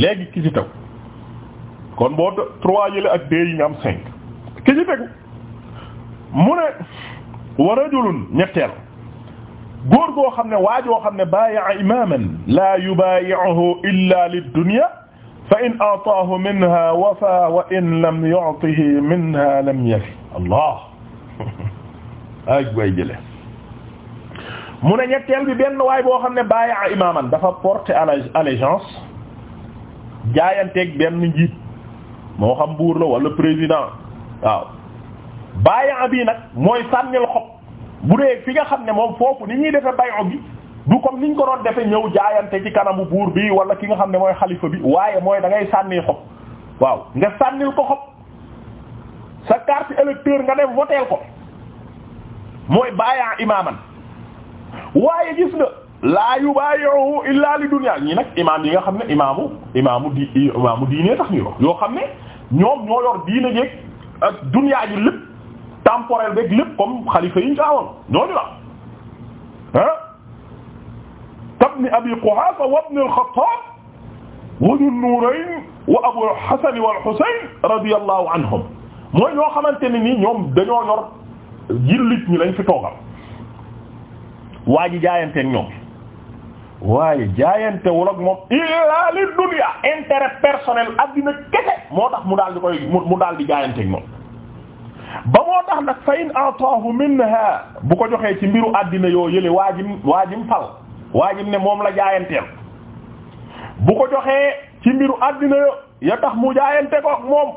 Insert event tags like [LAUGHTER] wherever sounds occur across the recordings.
léegi ki ci tegu kon boo trois yële ak am cinq ki mu ne wa rajulun ñetteel góor goo xam ne waajoo xam ne baaya'a imaman la yubaayi'uhu illa lid-dunya fa minha wafa wa in lam minha lam yafi allah [LAUGHS] ay way jële mu ne ñetteel bi benn waay boo ne baaya'a imaman dafa porter allégeance jaayanteeg benn njiit moo xam buur la wala président waaw bàyyi bii nag mooy sànnil xob bu dee fi nga xam ne moom foofu ni ñuy defe bayo bi du comme niñ ko doon defe ñëw jaayante ci kanamu buur bi wala ki nga xam ne mooy xalifa bi waaye mooy da ngay sànni xob waaw nga sànnil ko xob sa carte électeur nga dem voter ko mooy bàyyi imaaman waaye gis nga laa yubayi'uhu illa li dunya ñii nag imaam yi nga xam ne imaamu imaamu di imaamu diine tax ñu wax yoo xam ne ñoom ñoo yor diine jeeg ak dunya ji lépp temporel beeg lépp comme xalifa yi ñu saawoon ñooñu la ah kabni abi quhafa wa ibn al-khattab wa dhu an-nurayn wa abu al-hasan wal-husayn radiyallahu anhum mooy ñoo xamante ne ni ñoom dañoo yor jillit ñi lañ fi toogal waa ji jaayanteen ñoom waaye jaayantewul ak moom illaa li dunya intérêt personnel addina kese moo tax mu daal di koy mu daal di jaayanteeg moom ba moo tax nag fa in ataahu minha bu ko joxee ci mbiru àddina yoo yële waajim waajim fal waajim ne moom la jaayanteel bu ko joxee ci mbiru àddina yo ya tax mu jaayante ko moom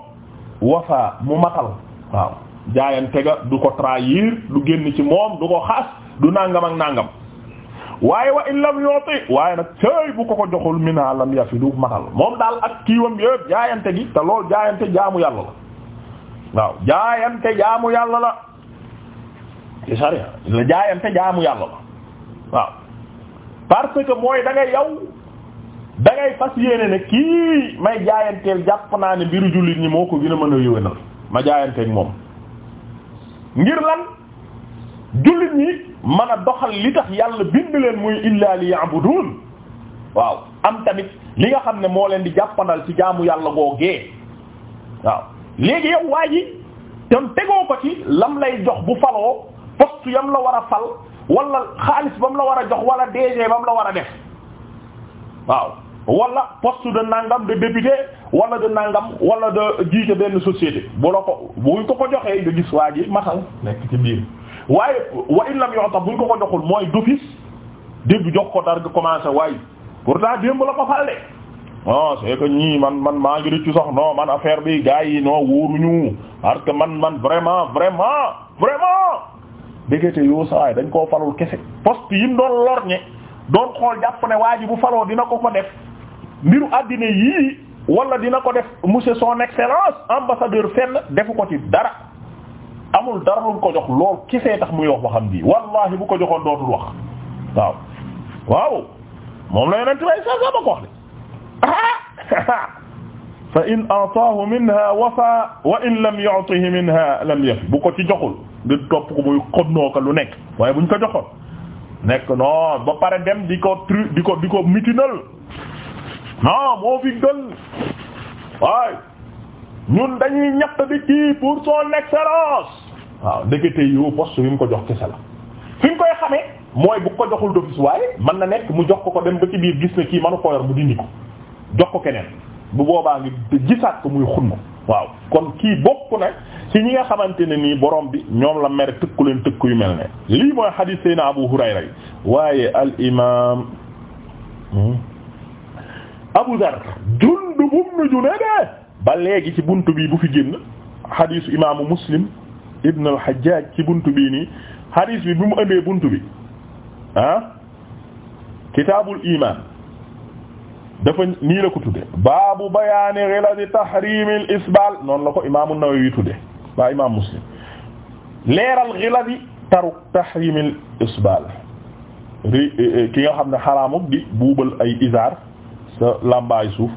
wafa mu matal waaw jaayante ga du ko trahir du génn ci moom du ko xas du nàngam ak nàngam waaye wa in lam yuti waaye nag sëy bu ko ko joxul mina lam yafidu matal moom daal ak kiiwam yëpp jaayante gi te lool jaayante jaamu yàlla la waaw jaayante jaamu yàlla la ci sariya la jaayante jaamu yàlla la waaw parce que mooy da ngay yow da ngay fas yéene ne kii may jaayanteel jàpp naa ne mbiru jullit ñi moo ko gën a mën a yówénal ma jaayanteeg moom ngir lan jullit ñi mën a doxal li tax yàlla bind leen muy illaa li ya'budun waaw am tamit li nga xam ne moo leen di jàppandal ci jaamu yàlla googee waaw léegi yow waa ji tam tegoo ko ci lam lay jox bu faloo poste yam la war a fal walla xaalis ba mu la war a jox wala DG ba mu la war a def waaw wala poste de nangam de député wala de nangam wala de jiite benn société boo la ko buñ ko ko joxee nga gis waa ji matal nekk ci biir waaye wa in lam yu'ta buñ ko ko joxul mooy dufis dégg jox ko dar commencé commencé pour pourtant démb la ko fal de non c'est que ñii man man maa ngi rëccu sox non man affaire bii gars yi non wóoruñu parce que man man vraiment vraiment vraiment déggate yoo sawaay dañ koo falul kese poste yi mu doon lorñe doon xool jàpp ne waa ji bu faloo dina ko ko def mbiru àddina yii wala dina ko def monsieur son excellence ambassadeur fenn defu ko ci dara amul dara lu ko jox lool kisee tax muy wax waxam bii wallahi bu ko joxoon dootul wax waaw waaw moom la yonent bay sa sama ko wax de [LAUGHS] fa in ataahu minha wafa wa in lam yu'tihi minha lam yafi ko di topp lu nekk waaye buñ ko joxoon nekk non ba pare dem di ko tru di ko di ko mitinal non moo fi gën ñun dañuy ñaq di kii pour son excellence waaw ndekete yoo poste bi mu ko jox kese la fi mu koy xamee mooy bu ko joxul d'office waaye man na nekk mu jox ko ko dem ba ci biir gis na kii manu ko yor mu dindi ko jox ko keneen bu boobaa ngi gisaat ko muy xunn waaw kon kii bokk na si ñi nga xamante ne nii borom bi ñoom la mere tëkku leen tëkku yu mel ne lii mooy xadiis Seydina Abu Hurayra yi waaye al imaam hmm? Abu Dar Jundub ibn Junayd ba léegi ci bunt bi bu fi génn xadiisu imaamu Muslim ibn al-Hajjaj ci buntu bii nii hadith bi bi mu ëndee buntu bi ah kitaabul iman dafa nii la ko tudde baabu bayaani ghilaz tahrim al-isbal noonu la ko imam an-Nawawi tudde waa imam Muslim leeral ghilaz taruk tahrim al-isbal eh, eh, ki nga xam ne xaraamuk di buubal ay izar sa làmbaay suuf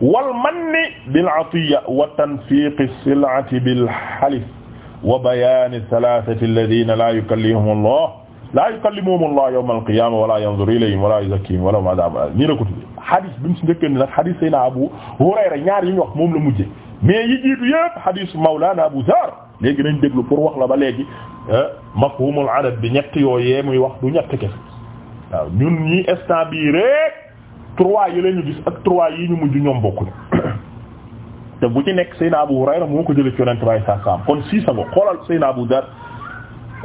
wal manni bil atiya wa tanfiq as-sil'ati bil halif wa bayaani salaasati allaziina laa yukallimuhum Allah laa yukallimuhum Allah yawmal qiyaama wala yanzuru ilayhim wala yuzakkiihim wala madaaba nii la ko tuddee xadis bi mu si njëkkee nag xadis Seydina Abu Hurayra ñaar yi ñu wax moom la mujje mais yi jiitu yëpp xadis Mawlaana Abu Zarr léegi nañ déglu pour wax la ba léegi euh, mafhumul adab bi ñett yooyee muy wax du ñett kese waaw ñun ñii instant bii rek trois yi la ñu gis ak trois yi ñu mujj ñoom bokkuñu te bu ci nekk Seydina Abu Hurayra moo ko jëlee ci Yonent bi saa saam kon sii sa bopp xoolal Seydina Abu Dar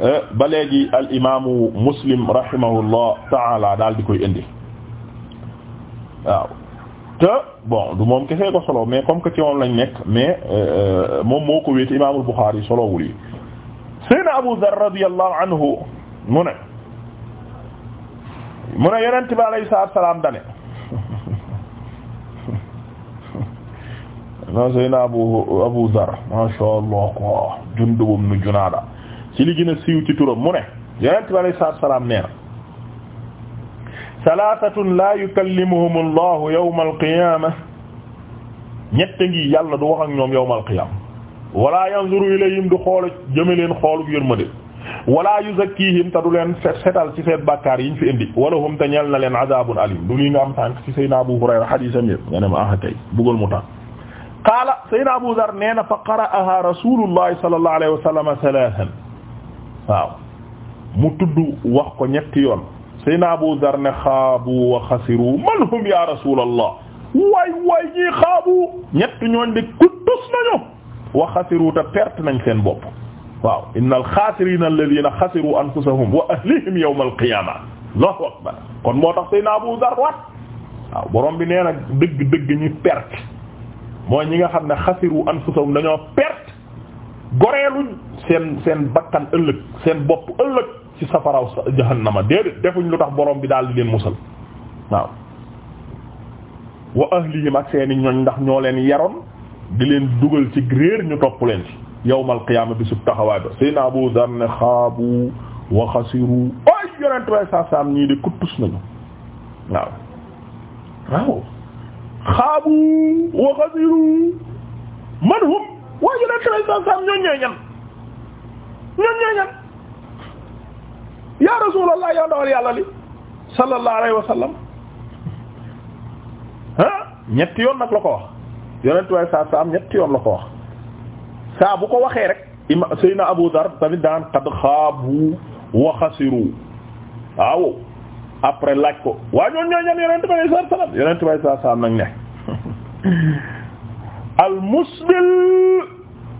eh, ba léegi al imaamu Muslim rahimahullah taala daal di koy indi waaw te bon du moom kese ko solo mais comme que ci moom lañ nekk mais eh, eh, moom moo ko wéete imaamul Buxaari solo wul yi Seydina Abu Dar radiyallahu anhu mu ne mu ne Yonent bi alayhi salaam dane na Seydina Abu Abu Dhar masha Allah ko Jundub ibn Junaada ci li gën a siiw ci turam mu ne Yonent bi alayhi salaatu wa salaam nee na salaatatun laa yukallimuhum Allahu yawmal qiyaama ñett ngi yàlla du wax ak ñoom yawmal qiyaama wala yanzuru ilayhim du xool jëme leen xoolu yërmande wala yuzakkihim te du leen fet setal ci seen bàkkaar yiñ fi indi wala hum te ñeel na leen adaabun alim du li nga am tànk ci Seydina Abu Hurayra hadiisam yëpp nga ne ma ah, kay bëggoon mu tànk qaala sayyidina Abu Dharr nee na fa qara'aha rasulullahi sallallahu alayhi wa sallam thalathan waaw mu tudd wax ko ñetti yoon sayyidina Abu Dharr ne xaabu wa xasiru man hum ya rasulallah waay waay ñii xaabu ñetti ñooñ de kuttus nañu wa xasiru te perte nañ seen bopp waaw innal xaasirina alladhina xasiru anfusahum wa ahlihim yawma alqiyama allahu akbar kon moo tax sayyidina Abu Dharr waat waaw borom bi nee na dëgg-dëgg ñi perte mooy ñi nga xam ne xasiru anfusahum dañoo perte goreeluñ seen seen bakkan ëllëg seen bopp ëllëg ci safaraw jahannama déedéet defuñ lu tax boroom bi daal di leen musal waaw wa ahlihim ak seeni ñoñ ndax ñoo leen yaroon di leen dugal ci réer ñu topp leen ci yawmal qiyaama bi sub taxawaay ba sayna Abu Dharr ne xaabu wa xasiru ay yonent way sa sam ñii de kuttus nañu waaw xaabu wa xasiru man hum waa yeneen traité sam ñoom ñooy ñan ñoom ñooy ñan yaa rasulallah yow ndawal yàlla li sallallahu alayhi wa sallam ñetti yoon nag la ko wax yonent waaye saam ñetti yoon la ko wax saa bu ko waxee rek ima Seydina Abu Dar tamit daan qad xaabu wa waaw après laaj ko waa ñoon ñooy ñan yonent bi sallallahu alayhi wasallam yonent bi sallallahu alayhi wasallam nag ne [LAUGHS] al musbil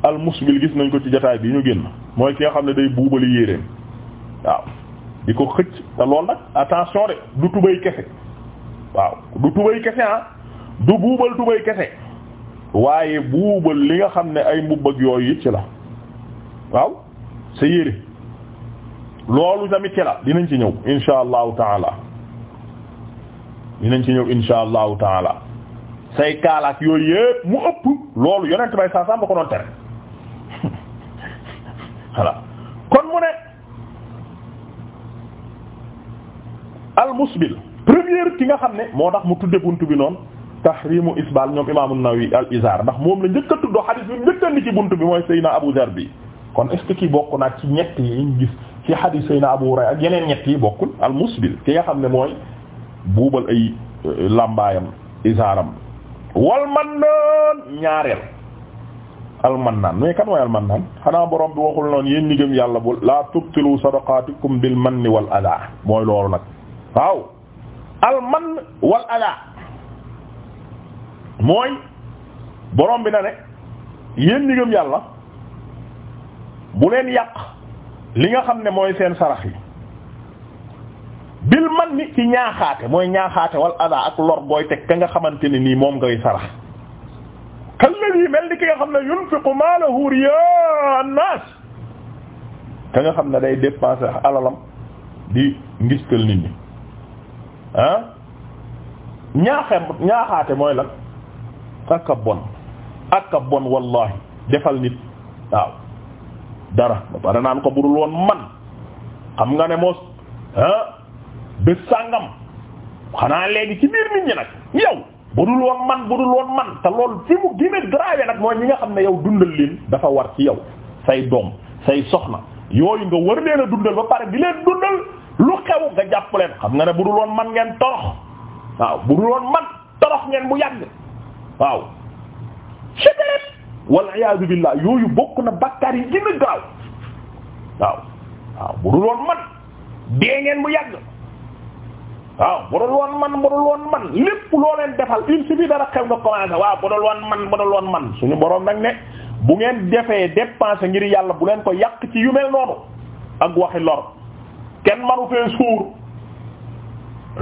al musbil gis nañ ko ci jotaay bi ñu génn mooy ki nga xam ne day buubali yéreem waaw di ko xëcc te loolu nag attention de du tubay kese waaw du tubay kese ah du buubal tubay kese waaye buubal li nga xam ne ay mbubb ak yooyu it ci la waaw sa yére loolu tamit ki la dinañ ci ñëw insha allahu taala dinañ ci ñëw insha allahu taala say kaalaak yooyu yëpp mu ëpp loolu yonent bay saa saa ba ko doon tere [LAUGHS] voilà kon mu ne al musbil première ki nga xam ne moo tax mu tudde buntu bi noonu tahrimu isbal ñoom imaamu Nawawi al izar ndax moom la njëkk a tudd xadiis bi njëkk a ci buntu bi mooy Seydina Abu Zar bi kon est-ce bokk naa ci ñett yi ñu ci hadis sayna Abu Hurayra ak yeneen ñett yi bokkul al musbil ki nga xam ne mooy buubal ay euh, làmbaayam isaaram wal mannaan ñaareel al mannaan mais kan mooy al mannaan xanaa borom bi waxul noonu yéen ñi gëm yàlla bu la tubtilu sadaqaatikum bil manni wal adaa mooy loolu nag waaw al mann wal adaa mooy borom bi na ne yéen ñi gëm yàlla bu leen yàq li nga xam ne mooy seen sarax yi bil man ni ci ñaaxaate mooy ñaaxaate wal ada ak lor teg ka nga xamante ni nii moom ngay sarax kalladi mel ni ki nga xam ne yunfiqu maalahu riyaa an xam ne day dépenser alalam di ngistal nit ah? mooy lan ak a bon ak a bon wallahi defal nit waaw dara ba pare naan ko budul woon man xam nga ne moo ah bés sàngam xanaa léegi ci biir nit ñi nag yow budul woon man budul woon man te lool fi mu gën a nag mooy ñi nga xam ne yow dundal leen dafa war ci yow say doom say soxna yooyu nga wër leen a dundal ba pare di leen dundal lu xew nga jàpp xam nga ne budul woon man ngeen torox waaw budul woon man torox ngeen bu yàgg waaw. wal iyaazu billaah yooyu bokk na bakkaar yi gën a gaaw waaw waaw bu dul man dee ngeen mu yàgg waaw bu dul man bu dul man lépp loo leen defal il suffit dara xew nga commencé waaw bu dul woon man bu dul woon man suñu boroom nag ne bu ngeen defee dépenser ngir yàlla bu leen ko yàq ci yu mel noonu ak waxi lor kenn manu fee suur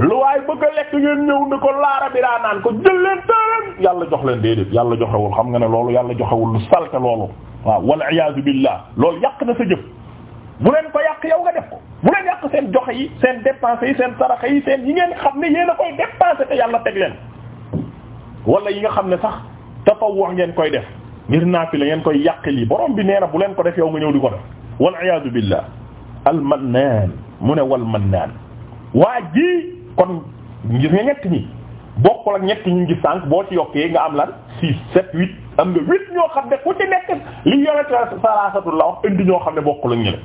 lu waay bëgg a lekk ngeen ñëw ne ko laara bi daa naan ko jël leen taaleen yàlla jox leen déedéet yàlla joxewul xam nga ne loolu yàlla joxewul lu salte loolu waaw wal iyaazu billah loolu yàq na sa jëf bu leen ko yàq yow nga def ko bu leen yàq seen joxe yi seen dépenses yi seen saraxa yi seen yi ngeen xam ne yéen a koy dépensé te yàlla teg leen wala yi nga xam ne sax tatawwu ngeen koy def ngir naafi la ngeen koy yàq yi borom bi nee na leen ko def yow ñëw di ko def wal iyaazu billah al mannaan mu ne wal mannaan waa kon gis nga ñett ñi bokkul ak ñett ñu ngi sànq boo ci yokkee nga am lan six set huit am nga huit ñoo xam ne ku ci nekk li yore salaasatul la wax indi ñoo xam ne bokk lañu ñële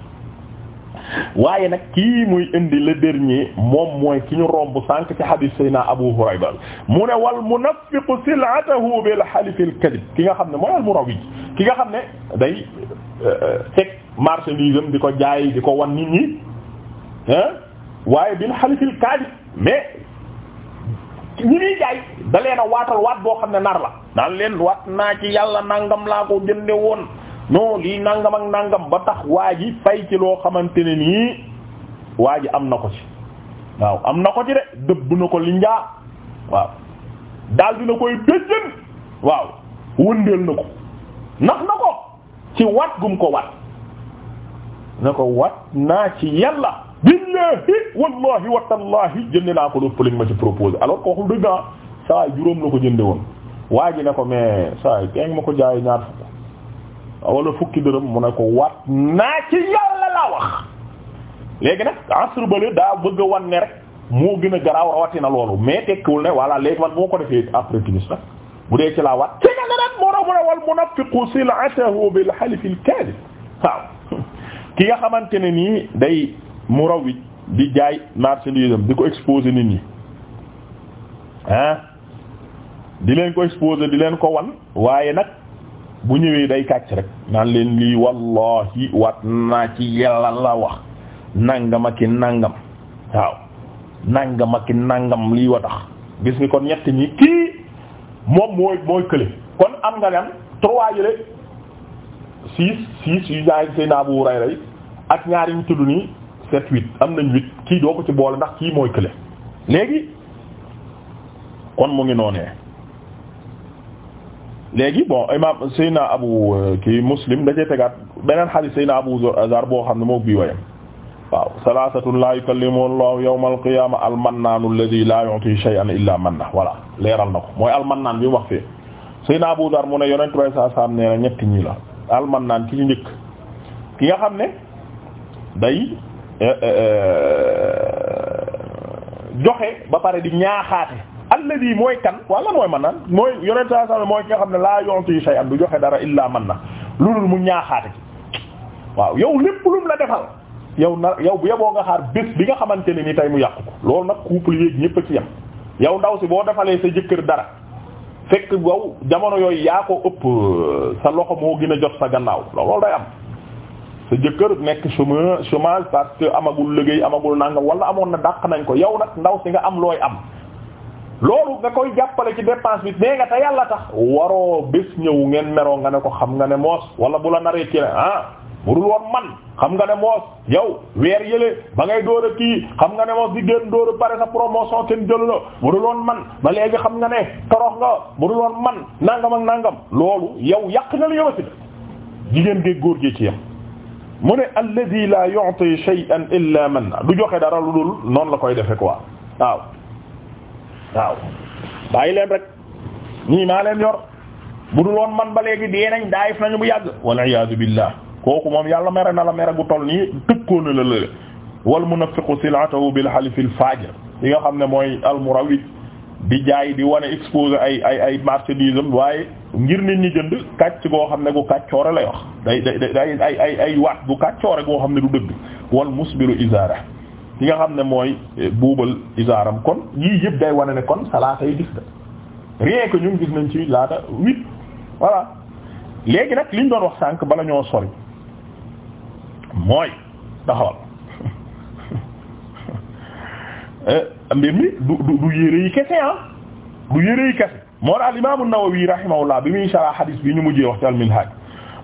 waaye nag kii muy indi le dernier moom mooy ki ñu romb sànq ci hadith sayna Abu Hurayra mu ne wal munafiqu sil'atahu bil halif al kadhib ki nga xam ne mooy al murawij ki nga xam ne day teg euh, euh, marchandise am di ko jaay di ko wan nit ñi waaye bil xalifil kadib mais ñu ngi jaay da leen waatal waat boo xam ne nar la daan leen waat naa ci yàlla nangam laa ko jënde woon non lii nangam ak nangam ba tax waa ji fay ci loo xamante ne nii waa ji am na ko ci waaw am na ko ci de dëbb na ko linjaa waaw daal dina koy béjjën waaw wëndeel na ko nax na ko ci wat gum ko wat na ko wat naa ci yàlla billahi wallahi watallahi jënd naa ko dopp lañ ma ci proposé alors ko waxul dëgg ah saa yi juróom la ko jënde woon waa ji ne ko mais saa yi tey ma ko jaay ñaar fukk ah, wala fukki dërëm mu ne ko waat naa ci yàlla laa wax léegi nag asr bale daa bëgg a wan ne rek moo gën a garaaw rawatina loolu mais tekkiwul ne voilà léegi man moo ko defee après timis nag bu dee ci laa waat ci nga neneen moo raw mu ne wal munafiqu sil'atahu bil halif al kadhib waaw [LAUGHS] ki nga xamante ne nii day murawwij di jaay marchandise di ko exposer nit ñi ah di leen ko exposer di leen ko wan waaye nag bu ñëwee day kàcc rek naan leen lii wallahi wat naa ci yàlla la wax nangam ak i nangam waaw nangam ak i nangam lii wa tax gis ni kon ñett ñi kii moom mooy mooy kële kon am nga lan trois yële six six yu ñaari seen Abu Hurayra yi ak ñaari ñu tudd nii sept am nañ huit kii doo ci boole ndax kii mooy kële léegi kon mu ngi noonee léegi bon imam Seyna Abu kii Muslim da cee tegaat beneen xadiis Seyna Abu Zar boo xam ne moo bii wayam waaw salaasatun laa yukallimu Allahu yawmal qiyaama al-mannaanu alladhi laa yu'ti shay'an illaa manna voilà leeral na ko mooy al-mannaan bi mu wax fee Seyna Abu Zar mu ne yonent na ñetti ñii la al-mannaan ki ci njëkk ki nga xam ne day Euh, euh, euh, joxe ba pare di ñaaxaate alladi mooy kan wala mooy man naan ah? mooy yonent saa saa mooy ki nga xam ne laa yonti shay'an du joxe dara illa man na lu dul mu ñaaxaate waaw yow lépp lum la defal yow na yow bu yeboo nga xaar bés bi nga xamante ne ni tey mu yàqu ko loolu nag couple yéeg ñépp a ci yem yow ndaw si boo defalee sa jëkkër dara fekk wow jamono yooyu yaa ko ëpp sa loxo moo gën a jot sa gannaaw loolu day am sa jëkkër nekk chômeur chômage parce que amagul liggéey amagul nangam wala amoon na dàq nañ ko yow nag ndaw si nga am looy am loolu nga koy jàppale ci dépense bi nee nga te yàlla tax waroo bés ñëw ngeen meroo nga ne ko xam nga ne moos wala bu la naree ci ah budul woon man xam nga ne moos yow weer yële ba ngay door a kii xam nga ne moos di génn door a pare sa promotion kenn jëlu la budul woon man ba léegi xam nga ne torox nga budul woon man nangam nangam loolu yow yàq nga li yow si góor gee ci mu ne alladi la yu'ti shay'an illa man du joxe dara lu dul noonu la koy defe quoi waaw waaw bàyyi leen rek ñii maa leen yor bu dul woon man ba léegi dee nañ daayif nañu bu yàgg wal iyaadu billah kooku moom yàlla mere na la mere gu toll nii tëkkoona la lële wal munafiqu silatahu bil halifil fajir yi nga xam ne mooy almurawid di jaay di wane exposer ay ay ay marchandise am waaye ngir nit ñi jënd kàcc goo xam ne gu kàccoore lay wax day day day ay ay ay waat bu kàccoore goo xam ne du dëgg wal musbiru isaara ki nga xam ne mooy eh, buubal isaaram kon yii yëpp day wane ne kon salaata yi gis na rien que ñun gis nañ ci laata huit voilà léegi nag liñ doon wax sànq bala ñoo sori mooy taxawal [LAUGHS] eh, mbir mi du du du yére yi kese ah du yére yi kese moo daal imaamu Nawawi rahimahullah bi muy sarh hadis bi ñu mujjee wax ci al-Minhaj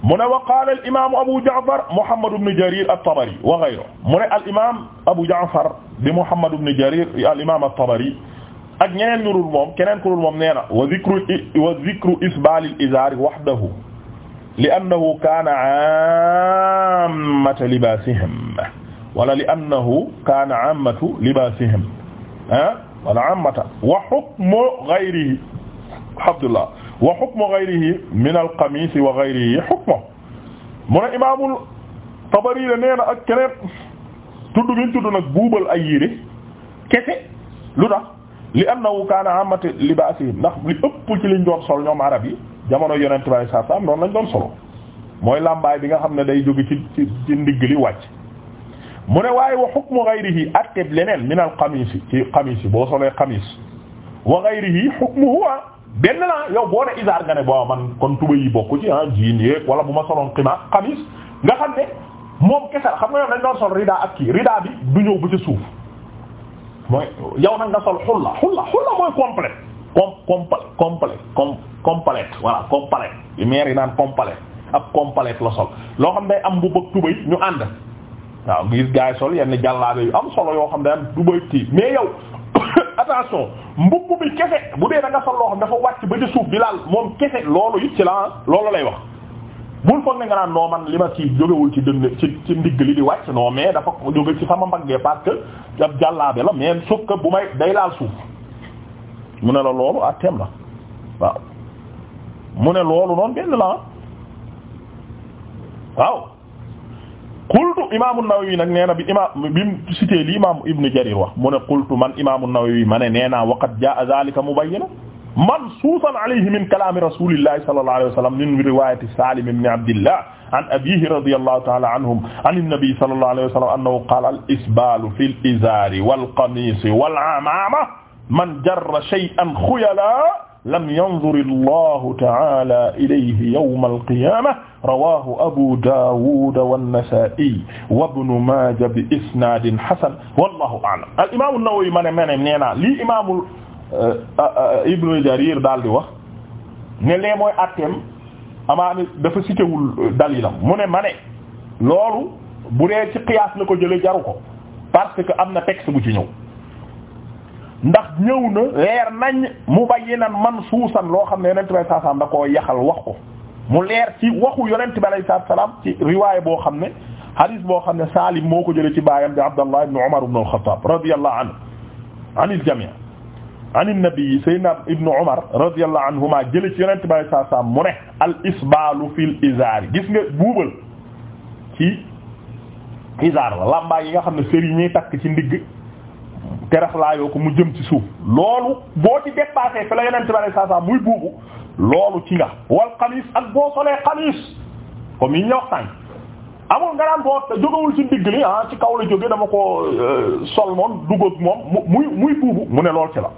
mu ne wa qaala al-imaamu Abu Ja'far Muhammad ibn Jarir at-Tabari wa ghayruhu mu ne al-imaam Abu Ja'far di Muhammad ibn Jarir al-imaam at-Tabari ak ñeneen ñu dul moom keneen ku dul moom nee na wa dhikru wa dhikru isbaal al-izaar wahdahu li annahu kaana aammata libaasihim wala li annahu kaana aammatu libaasihim ah wala aammata wa hukmu ghayrihi alhamdulillah wa hukmu ghayrihi min al-qamis wa ghayrihi hukmu mu ne imaamul Tabari la nee na ak keneen tudd gi tudd nag buubal ay yére kese lu tax li annahu kaana amati libaasihim ndax li ëpp ci liñ doon sol ñoom arab yi jamono yonent bi saa saa noonu lañ doon solo mooy làmbaay bi nga xam ne day jóge ci ci ci ndigg li wàcc. mu ne waaye wa hukmu ghayrihi atteb leneen min al-qamis ci boo solee qamis wa ghayrihi hukmuhu benn la yow boo ne isaar nga ne bo man kon tuba yi bokku ci ah jiin yeeg wala bu ma soloon xima xamis nga xam ne moom kese xam nga yow dañ doon sol rida ak kii rida bi du ñëw ba ca suuf mooy yow nag nga sol xulla xulla xulla mooy complet com complet complet com yu maire naan complet ak complet la sol loo xam day am bu bëgg tubay ñu ànd waaw gis gaay sol yenn jàllaabe yu am solo yoo xam day am tubay tii mais yow attention mbubb bi kese bu dee da nga sol loo xam dafa wàcc ba ci suuf bi laal moom kese loolu it ci la loolu lay wax bul foog ne nga naan noo man li ma ci jógewul ci dënd ci ci ndigg li di wàcc non mais dafa jóge ci sama mbaggee parce que ab jàllaabe la mais suuf que bu may day laal suuf mu ne la loolu atteem la waaw mu ne loolu noonu benn la waaw qultu imaamu Nawawi nag nee na bi imaam bi mu cité li imaam Ibn Jarir wax mu ne qultu man imaamu Nawawi ma ne nee naa waqad jaa zaalika mubayyana mansuusan alayhi min kalaami rasuulillahi sallallahu alayhi wa sallam min riwaayati Saalim ibn Abdillah an abiihi radiyallahu ta'ala anhum an an-nabi sallallahu alayhi wa sallam annahu qaala al-isbaalu fil izaari wal qamiisi wal amaama man jarra shay'an khuyalaa lam yanzur allahu ta'ala ilayhi yawma alqiyama rawahu abu dawud wan-nasa'i wa ibnu maaja bi isnadin hasan wallahu a'lam al imam an-nawawi ma ne ma ne nee naa lii imamul euh, euh, euh, ibnu jarir daal di wax ne lee mooy atteem amaani dafa citewul dalilam mu ne ma ne loolu bu dee ci qiyaas la ko jële jaru ko parce que am na texte bu ci ñëw ndax ñëw na leer nañ mu bàyyi man suusan loo xam ne yonent bi saa salaam koo yaxal wax ko mu leer ci waxu yonent bi saa ci riwaay boo xam ne hadis boo xam ne Salim moo ko jëlee ci baayam bi Abdallah ibn Umar ibn al-Khattab radiyallahu anhu anil jami' anin nabi sayyidina ci yonent bi saa salaam mu ne al isbaalu fil gis nga buubal ci izaar la làmbaay yi nga xam ne sër yi ñuy takk ci ndigg terax laa yoo ko mu jëm ci suuf loolu boo ci dépassé fa la yeneen tibale saa saa muy buubu loolu ci nga wal xamis ak boo solee xamis comme yi ñu wax sànq amul nga naan boo jógawul ci ndigg li ah ci kaw la jóge dama ko euh, sol moom duggoog moom muy muy buubu mu ne lool ci la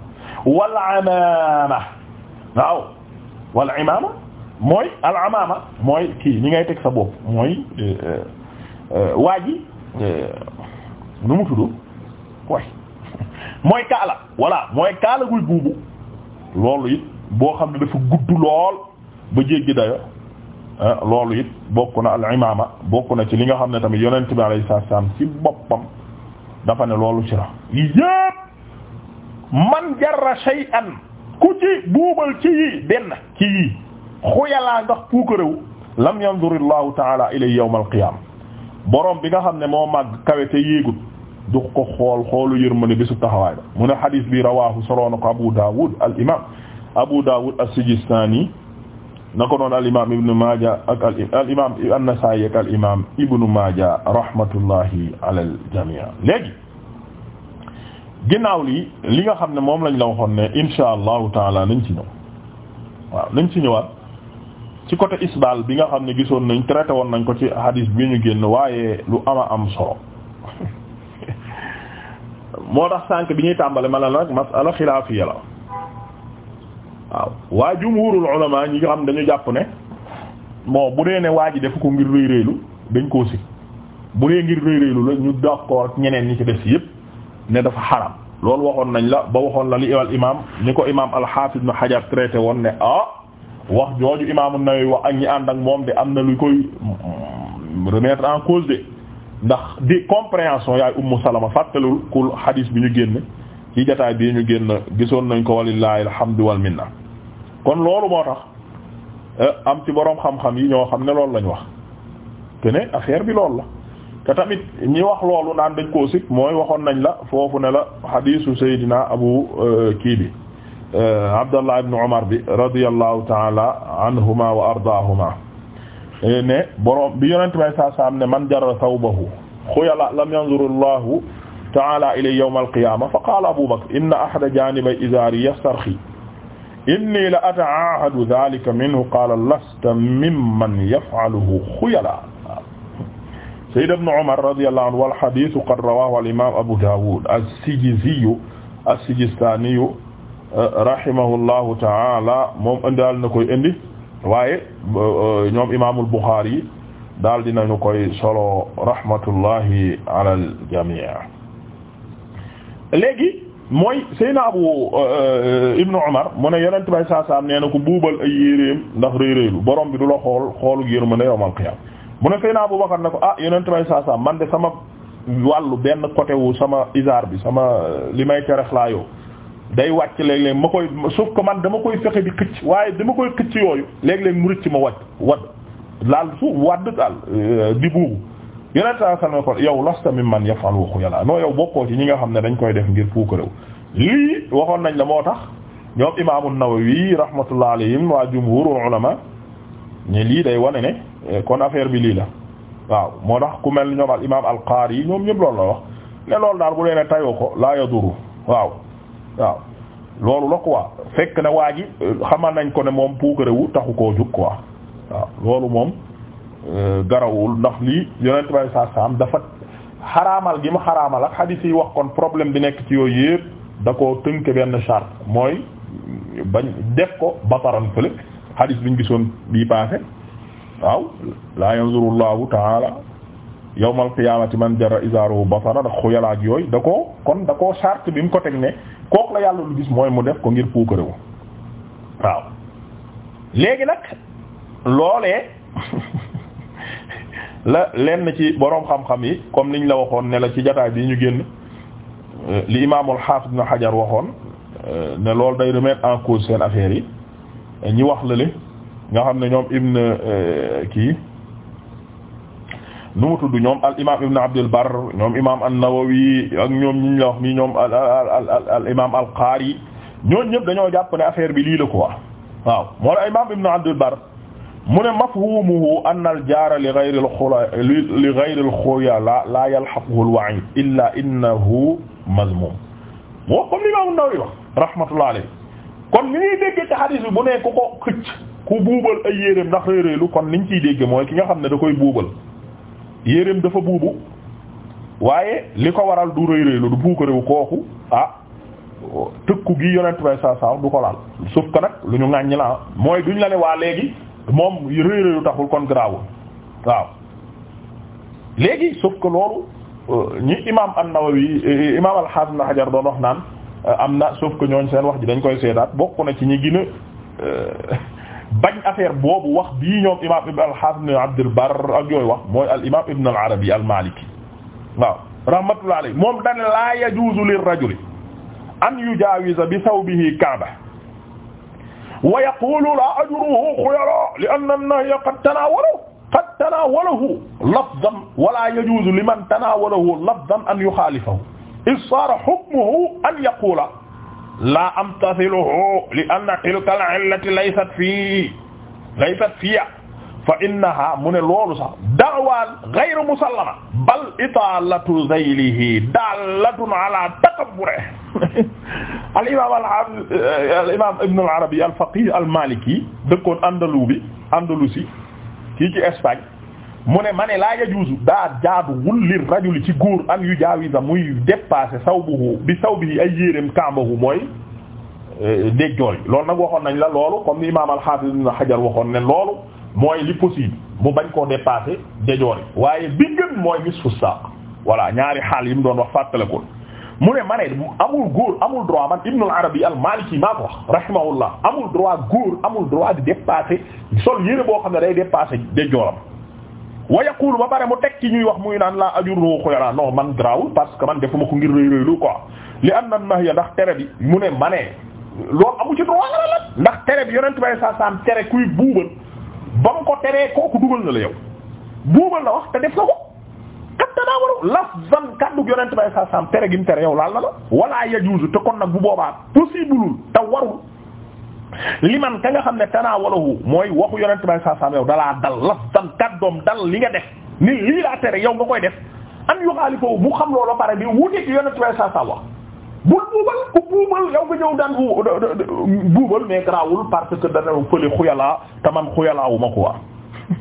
wal amaama waaw wal imaama mooy al amaama mooy kii ñi ngay teg sa bopp mooy euh, euh, waa ji nu mu tudd way mooy kaala voilà mooy kaala guy buubu loolu it boo xam ne dafa gudd lool ba jéggi dayo ah, loolu it bokk na al imaama bokk na ci li nga xam ne tamit yonent bi alayhi salaam ci boppam dafa ne loolu ci la yépp man jarra shay'an ku ci buubal ci yi benn ci yi xuyalaa ndax puukarewu lam yanzur allahu taala ilay yawm al qiyama borom bi nga xam ne moo màgg kawe te yéegut du ko xool xoolu yërmande bisu taxawaay ba mu ne xadis bi rawaahu soloona ko Abu Dawud al imam Abu Dawud as-Sijistani na ko noon al imam Ibn Maaja ak al imam an-Nasaa'i ak al imam Ibn Maaja rahmatullahi ala al jamii léegi ginnaaw li li nga xam ne moom lañ la waxoon ne insha allahu taala nañ ci ñëw waaw nañ ci ñëwaat ci côté isbal bi nga xam ne gisoon nañ traité woon nañ ko ci hadis bi ñu génn waaye lu ama am solo moo tax sànq bi ñuy tàmbale ma la nag masala xilaafiya la waaw waa jumhurul ulama ñi nga xam dañu jàpp ne moo bu dee ne waa ji def ko ngir rëy rëylu dañ koo si bu dee ngir rëy rëylu la ñu d'accord ak ñeneen ñi ci des yépp ne dafa xaram loolu waxoon nañ la ba waxoon la li al imam ni ko imam al-Hafiz Ibn traité woon ne a ah wax jooju imam An-Nawawi ak ñi ànd ak moom di am na lu koy remettre en cause de ndax di compréhension yaay ummu salama fàttalul kul hadis bi ñu génn ci jataay bii ñu génn gisoon nañ ko walillahi alhamdu wal minna kon loolu moo tax eh, am ci boroom xam-xam yi ñoo xam ne loolu lañu wax te ne affaire bi loolu la te tamit ñi wax loolu naan dañ koo mooy waxoon nañ la foofu ne la hadisu Seydina Abu eh, kii bi eh, Abdallah ibn Umar bi radiyallahu taala anhuma wa ardaahuma Eh, ne borom bi yonent bay saa saam ne man jarra thawbahu xuyala lam yanzuru allahu taala ilay yawm alqiyama fa qaala abu bakr inna ahada janibay izari yastarxi inni la ataahadu dhalika minhu qaala lasta mimman yaf'aluhu xuyala sayyid ibn umar radiyallahu anhu wal hadith qad rawahu al imam abu dawud as-sijiziyu as-sijistaniyu eh, rahimahullahu taala moom andaal na koy indi waaye euh, ñoom imaamul Buxaari daal dinañu koy solo rahmatullahi ala al jamii léegi mooy Seyna Abu euh, Ibnu Umar mu ne yonent bay saa nee na ko buubal ay yéreem ndax réeréelu borom bi du la xool xoolu a yawmal qiyaama mu ne Seyna Abu Bakar ne ko ah yonent bay man de sama wàllu benn côté wu sama isaar bi sama euh, li may kerex laa yow day wàcc léeg-léeg ma koy suuf ko man dama koy fexe di xëcc waaye dama koy xëcc yooyu léeg-léeg mu rëcc ma wàcc wadd laal suuf wadd daal euh, di buubu yeneen saa xam ne ko yow lasta mi man yafal waxu yàlla non yow bokkoo ci ñi nga xam ne dañ koy def ngir puukarew lii waxoon nañ la moo tax ñoom imaamu Nawawi rahmatullah alayhim waa jumhurul ma ñi lii day wane ne euh, kon affaire bi lii la waaw moo tax ku mel ñoom al imaam al qaari ñoom ñëpp loolu la wax ne loolu daal bu dee ne tayoo ko laa waaw. waaw loolu la quoi fekk na waa ji xamal nañ ko ne moom puukarewu taxu ko jug quoi waaw loolu moom euh, garawul ndax lii yonent bay saa saam dafa xaramal gi ma xaraamal ak xadiis yi wax kon problème bi nekk ci yooyu yëpp da ko tënk benn charte mooy bañ def ko bataran fële xadiis biñ gisoon bii paase waaw laa yanzurullahu taala yawmal qiyaamati man jara izaaruhu basara da xuyalaak yooyu da koo kon da koo charte bi mu ko teg ne kook la yàlla lu gis mooy mu def ko ngir puukarewu waaw léegi nag loolee [LAUGHS] la leen na ci boroom xam-xam yi comme niñ la waxoon ne la ci jotaay bi ñu génn euh, li imaamul xaafis ibn xajar waxoon euh, ne loolu day remettre en cause seen affaire yi ñi wax la le nga xam ne ñoom ibn euh, kii nu mu tudd ñoom al imaam Ibn Abdul imaam an-Nawawi ak ñoom ñi ñu la ñoom al al al al imaam al-Qari ñooñu dañoo jàpp ne affaire bi lii ko quoi waaw moo la imaam mu ne mafhumuhu anna al-jaara li ghayri al-khula li ghayri al-khuyala la yalhaquhu al illa innahu mazmum moo comme li imaam an-Nawawi wax rahmatullah alayhi kon ni ñuy déggee ci hadith bi ne ku ko xëcc ku buubal ay yéreem ndax réeréelu kon niñ ciy dégg mooy ki nga xam ne da koy buubal yéreem dafa buubu waaye li ko waral du rëy rëy lu du puuk réew kooku ah tëkku gi yonent bay saa saa du ko laal sauf que nag lu ñu ŋàññi la mooy duñ la ne waa léegi moom rëy rëy taxul kon garaawul waaw léegi sauf que loolu euh, ñi imaam an-Nawawi euh, imaam al-Hafiz Ibn Hajar doo wax naan euh, am na sauf ko ñooñ seen wax ji dañ koy seetaat bokk na ci ñi gën bañ affaire boobu wax bii ñoom imaam ibn al-Hasan ibn Abdul Barr ak yooyu wax mooy al imaam ibn al-Arabi al-Maliki waaw rahmatullahi alayhi moom dane laa yajuuzu lirrajuli an yujaawiza bi thawbihi kaaba wa yaqulu laa ajruhu xuyara li anna an-nahya qad tanaawalahu qad tanaawalahu lafzan wa laa yajuuzu liman tanaawalahu lafzan an yuxaalifahu iz saara hukmuhu an yaqula laa amtathiluhu li anna tilka al-illati laysat fii laysat fiya fa innaha mu ne loolu sax da'wa ghayru musallama bal italatu zaylihi dallatun ala takabbure [LAUGHS] al imam al eh, imam ibn al arabi al faqih al maliki dëkkoon andalu bi andalusi kii ci Espagne mu ne ma ne laa yajuuzu daa jaadu wul li rajuli ci góor an yu jaawiza muy dépassé sawbuhu bi sawbihi ay yéreem kàmbahu mooy euh, déjjoor yi loolu nag waxoon nañ la loolu comme ni imaam al-Hafiz Ibn Hajar waxoon ne loolu mooy li possible mu bañ koo dépassé déjjoor yi waaye bi gën mooy nisfu saaq voilà ñaari xaal yi mu doon wax fàttalekul mu ne ma ne amul góor amul droit man Ibn al-Arabi al-Maliki maa ko wax rahimahullah amul droit góor amul droit di dépassé sol yére boo xam ne day dépassé déjjooram wa yaqulu ba pare mu teg ci ñuy wax muy naan laa ajurru xuyala non man grawul parce que man ma ko ngir rëy rëylu quoi li an nan nahiya ndax tere bi mu ne ma nee loolu amu ci droit la la ndax tere bi yonent bay sa sam tere kuy buubal ba nga ko teree kooku dugal na la yow buubal la wax te def nga ko kat danaa waru laf zan kàddug yonent bay sa sam tere gi mu tere yow laal na la wala yajuzu te kon nag bu boobaa possible te warul liman ka nga xam ne tanaawalahu mooy waxu yonent bi saa saam yow dalaa dal laftan kaddoom dal li nga def ni lii laa tere yow nga koy def am yu xaalifoo mu xam loolu pare bi wutit yonent bi saa saam wax buubal ku buubal yow nga ñëw daan buubal mais garaawul parce que dana fële xuyalaa te man xuyalaawu ma ko waa [LAUGHS]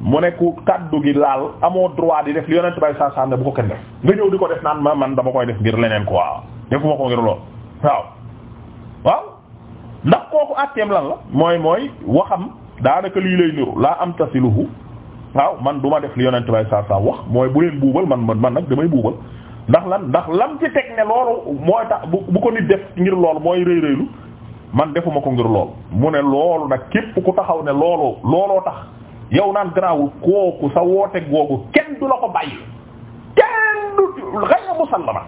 mu ne ku kaddu gi laal amoo droit di def li yonent bi saa ne bu ko kenn def nga ñëw di ko def naan ma man dama koy def ngir leneen ko ndax kooku àtteem lan la mooy mooy waxam daanaka lii lay niru laa am tasiluhu waaw man du ma def li yonent saa saa wax mooy bu leen buubal man man nag damay buubal ndax lan ndax lam ci teg ne loolu mooy tax bu ko nit def ngir loolu mooy rëy rëylu man defuma ko ngir loolu mu ne loolu nag képp ku taxaw ne looloo looloo tax yow naan garaawul kooku sa woote googu kenn du la ko bàyyi kenn du xëy musallama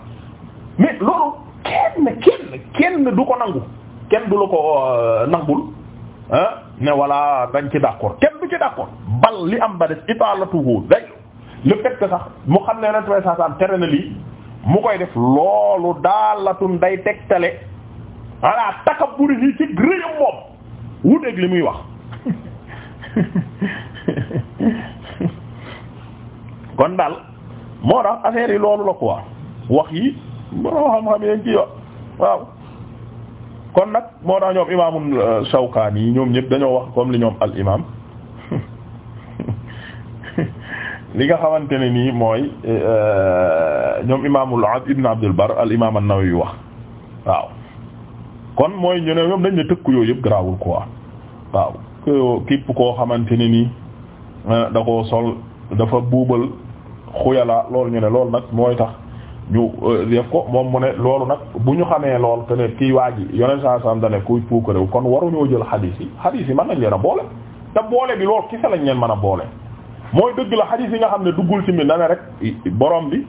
mais loolu kenn kenn kenn du ko nangu kenn du la ko euh, nangul ah ne voilà dañ ci d'accord kenn du ci d'accord bal li am ba des itaalatuhu day le fait que sax mu xam ne yonent bay saasaam tere na lii mu koy def loolu daalatun day tegtale voilà takabbur yi ci gréyam moom wuteeg li muy wax [LAUGHS] kon daal moo tax affaire yi loolu la quoi wax yi boo xam-xam yéen ci waaw kon nag moo tax ñoom imaamul euh, Shawkaani yi ñoom ñëpp dañoo wax comme li ñoom al imaam [LAUGHS] li nga xamante ne nii mooy euh, ñoom imaamul ibn Abdul Barr al imaam an-Nawawi wax waaw kon mooy ñu ne ñoom dañ ne tëkku yooyu yëpp garaawul quoi waaw képp koo xamante ne nii euh, da sol dafa buubal xuyala loolu ñu ne loolu nag mooy tax. ñu euh, def ko moom mu ne loolu nag bu ñu xamee lool te ne kii waa ji yoneen saa saam da ne kuy puukarewu kon waruñoo jël xadiis yi xadiis yi mën nañ leen a boole te boole bi loolu kese lañ leen mën a boole mooy dëgg la xadiis yi nga xam ne duggul ci mi rek borom bi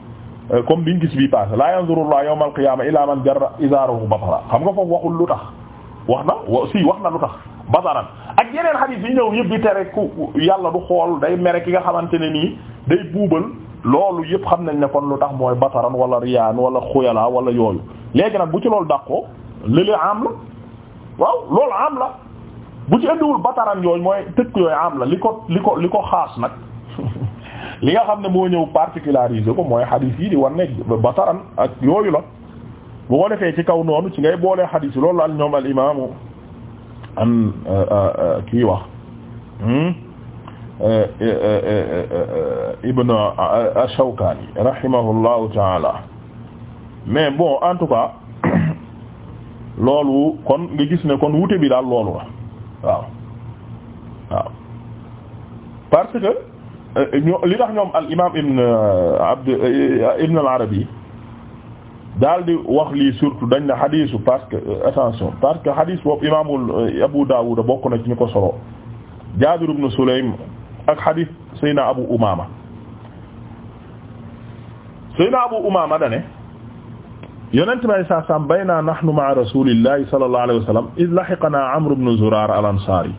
euh, comme biñ gis bii passé la yanzurullah yawmal qiyaama ila man jarra izaarahu batara xam nga foofu waxul lu tax wax na si wax na lu tax bataran ak yeneen xadiis yi ñëw yëpp di tere ku yàlla du xool day mere ki nga xamante ne nii day loolu yëpp xam nañ ne kon lu tax mooy bataran wala riyaan wala xuyala wala yooyu léegi nag bu ci loolu dàqoo lële am la waaw loolu am la bu ci indiwul bataran yooyu mooy tëkk am la li ko li ko li ko xaas nag [LAUGHS] li nga xam ne moo ñëw particularisé ko mooy xadis yi di war ne ak yooyu la bu ko defee ci kaw noonu ci ngay boolee xadis yi loolu al ñoom al imaamu kii wax hmm? Euh, euh, euh, ibn Ashawkaani rahimahullahu taala mais bon en tout cas [COUGHS] loolu kon nga gis ne kon wute bi daal loolu la waaw waaw parce que ñoo li tax ñoom al imaam Ibn Abd Ibn al-Arabi daal di wax lii surtout dañ ne xadiisu parce que attention parce que xadiis boobu imaamul Abu Dawud bokk na ci ñu ko solo Jaabir ibn Sulaym ak xadiis Seyna Abu Umaama Seyna Abu Umaama dane yonent bi saa saam baynaa nahnu ma'a rasuulillahi sallallahu alayhi wa sallam iz lahiqanaa Amru ibnu Zuraar al-Ansaari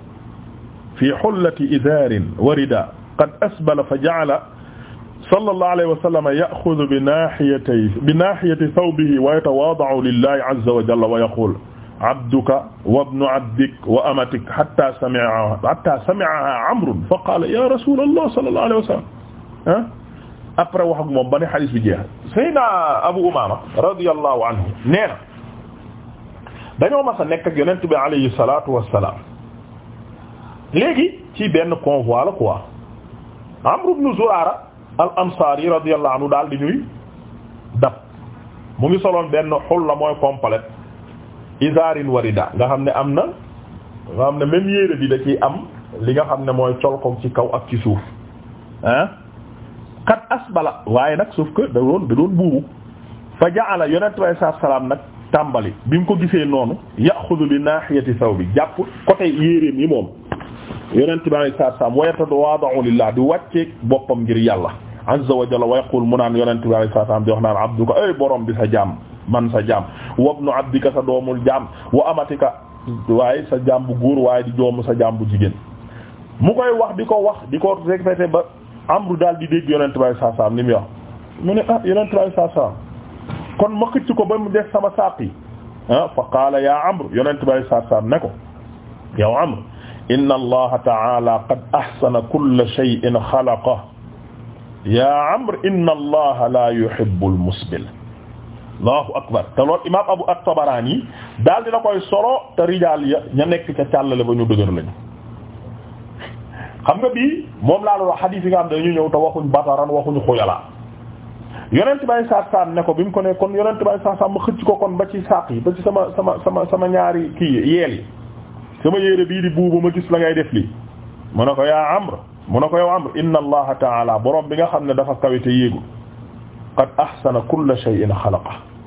fii hullati izaarin wa ridaa qad asbala fa ja'ala sallallahu alayhi wa sallam ya'khudhu bi naahiyati bi naahiyati thawbihi wa yatawaada'u lillahi azza wa jalla wa yaquulu abduka wa ibnu abdik wa amatik hatta sami'aha hatta sami'aha amrun fa qala ya rasulallah sallallahu alayhi wa sallam ah après wax ak moom ba ne xadis bi jeex sayna abu umama radiyallahu anhu nee na dañoo mas a nekk ak yonent bi alayhi salatu wassalam léegi ci benn convoi la quoi amru ibnu zurara al ansari radiyallahu anhu daal di ñuy dab mu ngi soloon benn xulla mooy complet isaarin warida nga xam ne am na nga xam ne même yére bi da ciy am li nga xam ne mooy col ci kaw ak ci suuf ah kat asbala waaye nag suuf que da doon da doon buubu fa jaala yonent bi alayhi nag tàmbali bi mu ko gisee noonu yaxudu bi naahiyati saw bi jàpp côté yéreem yi moom yonent bi alayhi salaatu salaam wa yatawaada'u lillah di wàcceeg boppam ngir yàlla azza wa jalla wa yaqul mu naan yonent bi alayhi salaatu salaam di wax naan abduka ay borom bi sa jàmm man sa jaam wabnu abdika sa doomul jaam wa amatika waaye sa jaam bu góor waaye di doomu sa jaam bu jigéen mu koy wax di ko wax di ko répété ba amru daal di dégg yonent bay saa saam ni mu wax mu ne ah yonent bay saa saam kon ma xëcc ko ba mu def sama saaq yi ah fa qaala ya amru yonent bay saa saam ne ko yow amru inna allaha taala qad ahsana kulla shay'in xalaqahu ya amru inna allaha la yuhibbul musbil allahu akbar te lool imam abu at-Tabarani daal dina koy solo te rijaal ya ña nekk ca càllale ba ñu dëgër lañu xam nga bii moom laa loolu xadiis yi nga xam ne dañu ñëw te waxuñ bataran waxuñu xuyala yonent bay saasaan ne ko bi mu ko ne kon yonent bay saasaan ma xëcc ko kon ba ci saaq yi ba ci sama sama sama sama ñaari kii yeel sama yére bii di buubu ma gis la ngay def lii mu ne ko yaa Amr mu ne ko yow Amr inna allaha taala borom bi nga xam ne dafa kawite yéegul qad ahsana kulla shay'in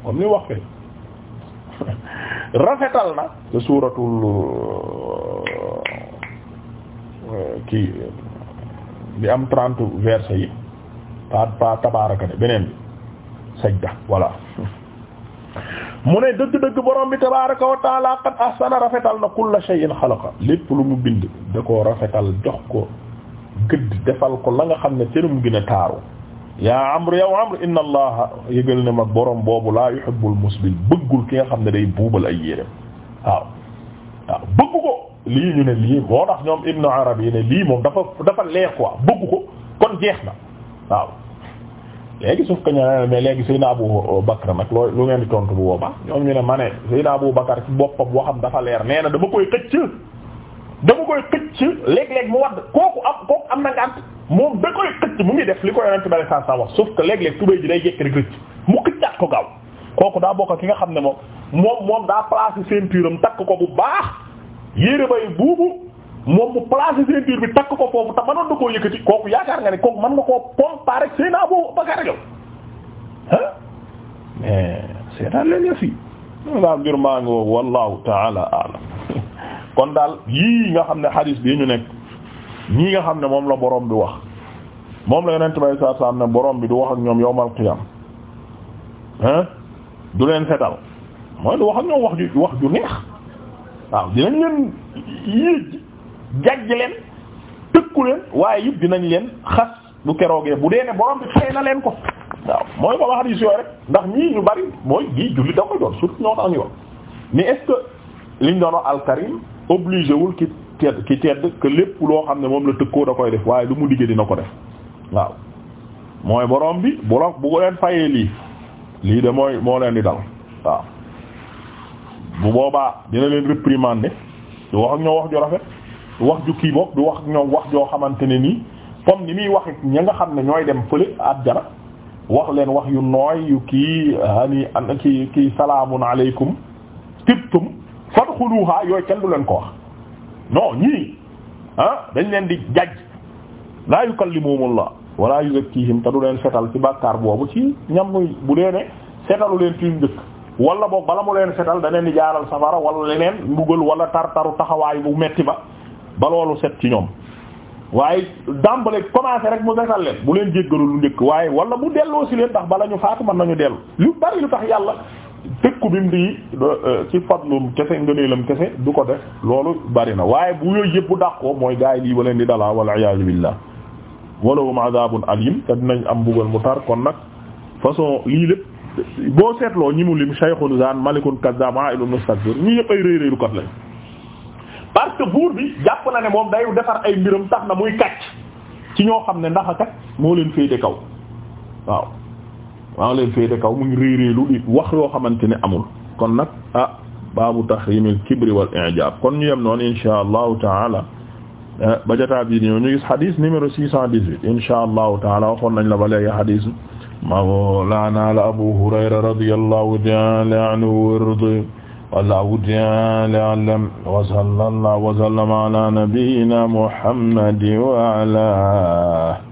kon ni wax fee rafetal na te suuratul euh, euh, kii li am trent versets yi pa pa tabaaraka ne beneen bi sajda voilà mu ne dëgg-dëgg borom bi tabaaraka wa taala qad rafetal na kulla shay'in xalaqa lépp lu mu bind da koo rafetal jox ko gëdd defal ko la nga xam ne cëram gën a taaru yaa amr yow amr inna allah yëgal ne ma borom boobu laa yuhibbul musbil bëggul ki xam ne day buubal ay yéreem waaw waaw bëgg ko lii ñu ne lii moo tax ñoom ibnu moom dafa dafa leer quoi bëgg ko kon jeex na waaw léegi suuf ka ñu ne léegi Seydina Abu Bakr nag loo lu ngeen di tontu bu boobaa ñoom ñu ne ma ne Seydina Abu Bakr ci boppam waxam dafa leer nee na dama koy xëcc dama koy xëcc léeg-léeg mu wadd kooku am kooku am na ngànt moom da koy xëcc mu ngi def li ko yonent bi saa saa wax sauf que léeg-léeg tubéy ji day jékki rek rëcc mu xëccaat ko gaaw kooku daa bokk ki nga xam ne moom moom moom daa placer ceinture am takk ko bu baax yére bay buubu moom mu placer ceinture bi takk ko foofu te mënoon na koo yëkkati kooku yaakaar nga ne kooku man nga koo comparer ak Seydina Abu Bakar yow ah mais Seydina leen yëf yi. maa ngi kon daal yii nga xam ne xadiis bii ñu nekk ñii nga xam ne moom la boroom bi wax moom la yonent bay saa saa ne borom bi du wax ak ñoom yowmal qiyam hein du leen fetal mooy du wax ak ñoom wax ju wax ju neex waaw dinañ leen yéeg jàjj leen tëkku leen waaye yëpp dinañ leen xas bu keroogee bu dee ne borom bi fay na leen ko waaw mooy ba wax di rek ndax ñii ñu bari mooy gii julli da ko doon su ñoo tax ñu wax mais est liñ doon wax obligé wul ki tedd ki tedd que lépp loo xam ne moom la tëkkoo da koy def waaye lu mu liggéey dina ko def waaw mooy borom bi bu la bu ko leen fayee lii lii de mooy moo leen di dal waaw bu boobaa dina leen réprimander du wax ak ñoo wax ju rafet du wax ju kii boog du wax ak ñoom wax joo xamante ne nii comme ni muy wax ñi nga xam ne ñooy dem fële ab jara wax leen wax yu nooy yu kii hani an kii kii salaamun aleykum tibtum fadxuluha yooyu kenn du leen ko wax non ñii ah dañ leen di li jajj la yukallimuhumullah kii yuzakkihim te du leen setal ci bàkkaar boobu ci ñam bu dee ne setalu leen ci njëkk wala boog bala mu leen setal da leen di jaaral safara wala leneen mbugal wala tartaru taxawaay bu metti ba ba loolu set ci ñoom waaye dàmbale commencé rek mu setal leen bu leen jéggalu lu njëkk waaye wala mu delloo si leen ndax bala ñu faatu mën nañu dell lu bari lu tax tëkku bi mu di euh, ci fadlum kese ngëneelam kese du ko def loolu bari na waaye bu yooyu yëpp bu dàqoo mooy gaa yi lii ba leen di dalaa wal iyaazu billah walahum adabun alim te dinañ am mbugal mu tar kon nag façon lii lépp boo seetloo ñi mu lim shaykhun zan malikun kazzab ailun mustakbir ñii yëpp ay réeréeru kat lañ parce que buur bi jàpp na ne moom day defar ay mbiram tax na muy kàcc ci ñoo xam ne ndax a kat moo leen féete kaw waaw maa leen féete kaw mu ngi réeréelu di wax yoo xamante ne amul kon nag ah baabu tahrimil kibri wal i'jab kon ñu yem noonu insha allahu taala eh, ba jotaay bii ñu gis hadith numéro 618 insha allahu taala waxoon nañ la ba léegi hadith mawlaana la abu hurayra radiyallahu ta'ala anhu warda wallahu ta'ala a'lam wa sallallahu wa sallama ala nabiyyina muhammad wa ala